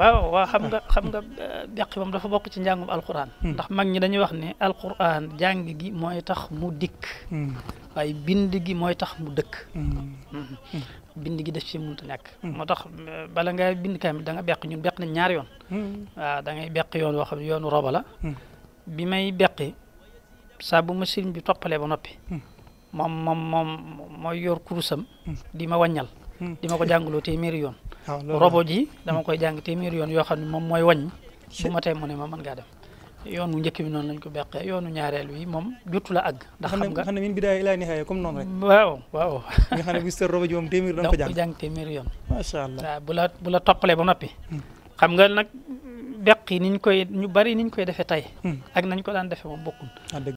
waaw waaw xam nga xam nga beqi eh, moom dafa bokk ci njàngum alquran hmm. ndax mag ñi dañuy wax ne alquran jàng gi mooy tax mu dikk hmm. ay bind gi mooy tax mu dëkk hmm. bind gi def si mënut a nekk moo tax eh, bala nga bind kaamil da nga beq ñun beq nañ ñaari yoon waaw da ngay beq yoon woo xam ne yoonu roba bi may beqi saa bu ma sëriñ bi toppalee ba noppi moom moom moom mooy yor kurusam di ma wàññal di ma ko jàngaloo téeméeri yoon robot ji dama koy jàng téeméer yoon yoo xam ne moom mooy wàññi bu ma tey mu ne ma mën ngaa njëkk bi noonu nañ ko beqee yoonu ñaareel bi moom jotu la àgg ndax xam nga xam ne min bidaaya ilaa nihaaya comme noonu rek waaw waaw nga xam ne bu sër ji moom téeméer yoon macha allah bu ba noppi hmm. xam nga nag beq yi niñ koy ñu bari niñ koy defee tey hmm. ak nañ ko daan defee moom bokkul ah,